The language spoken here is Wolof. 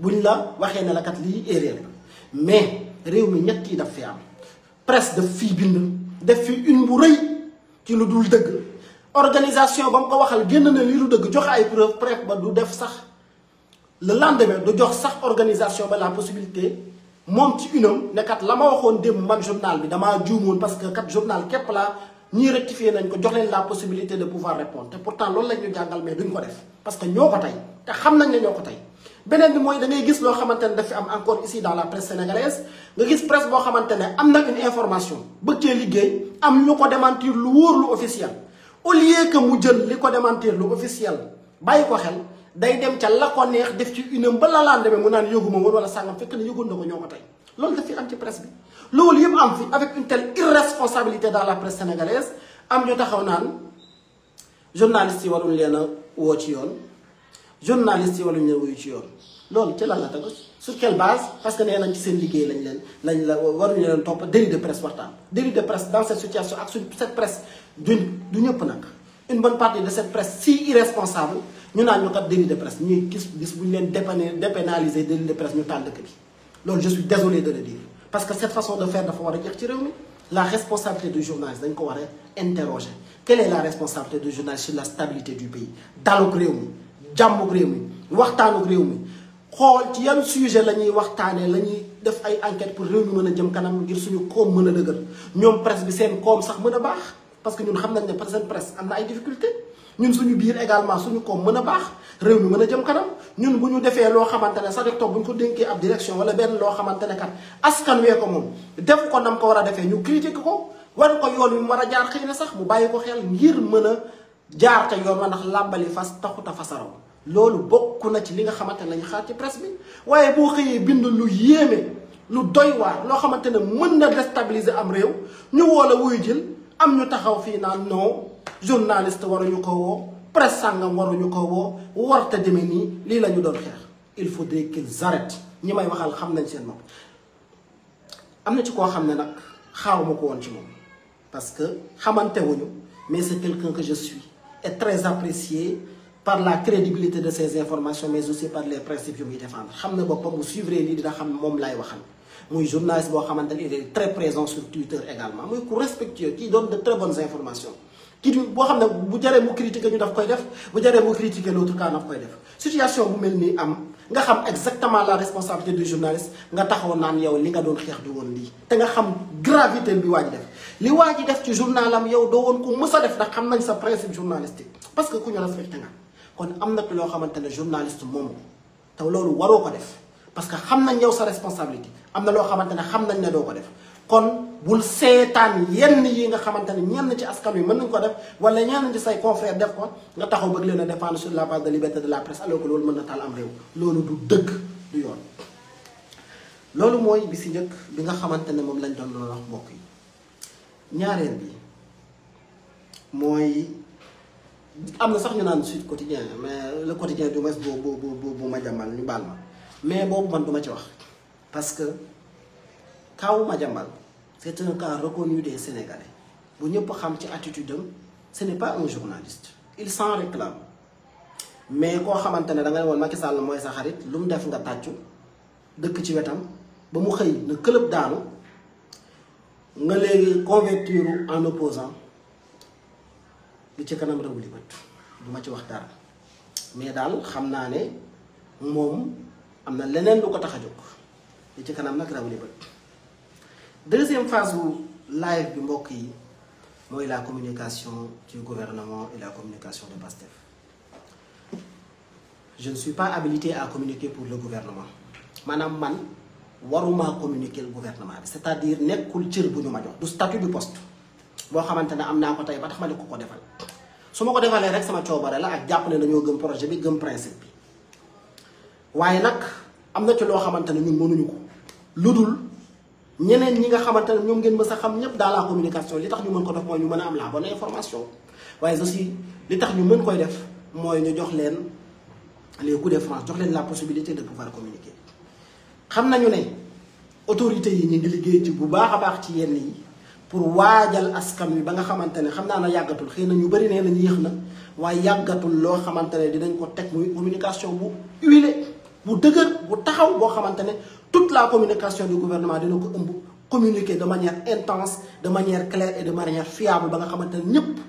buñ la waxee ne la kat lii erreur mais réew mi ñett yi daf fi am presse daf fii bind def fi une bu rëy. ci lu dul dëgg organisation ba mu ko waxal génn na lii lu dëgg jox ay preuve preuve ba du def sax le lendemain du jox sax organisation ba la possibilité moom ci unam ne la ma waxoon démb man journal bi damaa juumoon parce que kat journal képp laa ñii rectifié nañ ko jox leen la possibilité de pouvoir répondre te pourtant loolu la ñu jàngal mais duñ ko def parce que ñoo ko tey te xam nañ ne ñoo ko tey beneen bi mooy da gis loo xamante ne dafa am encore ici dans la presse sénégalaise nga gis presse boo xamante ne am na une information bëgg liggéey am lu ko démentir lu wóor lu officiel au lieu que mu jël li ko démentir lu officiel bàyyi ko xel day dem ca la ko neex def ci une ba la lendemain mu naan yëgu ma woon wala sàngam fekk na yëgoon na ko ñoo ko tey loolu daf fi am ci presse bi loolu yëpp am fi avec une telle irresponsabilité dans la presse sénégalaise am ñu taxaw naan journalistes yi waruñ leen a woo ci yoon journalistes yi waruñ leen wuyu ci yoon loolu ci lan la tegu sur quelle base parce que nee nañ ci seen liggéey lañ leen lañ la waruñu leen topp délit de presse waxtaan délit de presse dans cette situation ak su cette presse du ñëpp nag une bonne partie de cette presse si irresponsable ñu naan ñu kat de presse ñu leen dépen dépénaliser délit de presse ñu taal dëkk bi loolu je suis désolé de le dire parce que cette façon de faire dafa war a jeex ci réew mi la responsabilité du journaliste dañ ko war a interroger quelle est la responsabilité du journaliste sur la stabilité du pays daluk réew mi xool ci yan sujet la ñuy waxtaanee la ñuy def ay enquête pour réew mi mën a jëm kanam ngir suñu koom mën a dëgër ñoom presse bi seen koom sax mën a baax parce que ñun xam nañ ne parce seen presse am na ay difficulté ñun suñu biir également suñu koom mën a baax réew mi mën a jëm kanam ñun bu ñu defee loo xamante ne sax toog bu ñu ko dénkee ab direction wala benn loo xamante ne kat askan wee ko moom def ko nam ko war a defee ñu critique ko war ko yoon wi war a jaar xëy na sax mu bàyyi ko xel ngir mën a jaar te yoon ma ndax làmbali fas taxut a fasaraw loolu bokk na ci li nga xamante ne lañ xaar ci presse bi waaye boo xëyee bind lu yéeme lu doy waar loo xamante ne mën na déstabiliser am réew ñu woo la jël am ñu taxaw fii naan non journaliste waruñu ko woo presse sàngam waruñu ko woo warta demee nii lii la ñu doon xeex il faudrait qu'ils arrêtent ñi may wax waxal xam nañ seen bopp am na ci koo xam ne nag xaaw ma ko woon ci moom parce que xamante wuñu mais c'est quelqu'un que je suis et très apprécié par la crédibilité de ces informations mais aussi par les principes yu muy défendre xam na boppam bu suivre lii dina xam moom laay waxal muy journaliste boo xamante ni il est très présent sur Twitter également xam ne bu jaree mu critiquer ñu daf koy def bu jaree mu critiquer l'autre cas daf koy def situation bu mel nii am nga xam exactement la responsabilité du journaliste nga taxaw naan yow li nga doon xeex du woon lii te nga xam gravité bi waa def li waa def ci journalam yow doo woon ku mës a def ndax xam nañ sa principe journalistique parce que ku kon am na loo xamante ne journaliste moomu te loolu waroo ko def parce que xam nañ yow sa responsabilité am na loo xamante ne xam nañ ne doo ko def kon bul seetaan yenn yi nga xamante ne ñenn ci askan wi mën nañ ko def wala ñenn ci say confrères def ko nga taxaw bëgg leen a su sur la base de liberté de la presse alors que loolu mën na taal am réew loolu du dëgg du yoon loolu mooy bi si njëkk bi nga xamante ne moom lañ doon wax bokk yi ñaareel bi am na sax ñu naan Sud Quotidien mais le quotidien du moins bu bu bu bu ma jàmbal ñu baal ma mais boobu man duma ci wax parce que kaaw ma jàmbal c'est un cas reconnu des Sénégalais bu ñëpp xam ci attitude am ce n'est pas un journaliste il s'en réclame mais koo xamante ne da nga ne woon Macky Sall mooy sa xarit lu mu def nga tàccu dëkk ci wetam ba mu xëy na këlëb daanu nga léegi convertir en opposant li ci kanam rawuli bët du ma ci wax dara mais daal xam naa ne moom am na leneen lu ko tax a jóg li ci kanam nag rawuli bët deuxième phase bu live bi mbokk yi mooy la communication du gouvernement et la communication de Pastef je ne suis pas habilité à communiquer pour le gouvernement maanaam man waruma communiquer le gouvernement bi c'est-à-dire nekkul cër bu ñu ma jox du statut du poste boo xamante ne am naa ko tey ba tax ma di ko ko defal su ma ko defalee rek sama coobare la ak jàpp ne dañoo gëm projet bi gëm principe bi waaye nag am na ci loo xamante ne ñun mënuñu ko lu dul ñeneen ñi nga xamante ne ñoom ngeen mës a xam ñëpp dans la communication li tax ñu mën ko def mooy ñu mën a am la waaye aussi li tax ñu mën koy def mooy ñu jox leen les coups de France jox leen la possibilité de pouvoir communiquer xam nañu ne autorités yi ñu ngi liggéey ci bu baax a baax ci yenn yi. pour waajal askan wi ba nga xamante ne xam naa ne yàggatul xëy na ñu bëri nee nañ yéex na waaye yàggatul loo xamante ne dinañ ko teg muy communication bu huilée bu dëgër bu taxaw boo xamante ne toute la communication du gouvernement dina ko ëmb communiquer de manière intense de manière claire et de manière fiable ba nga xamante ne ñëpp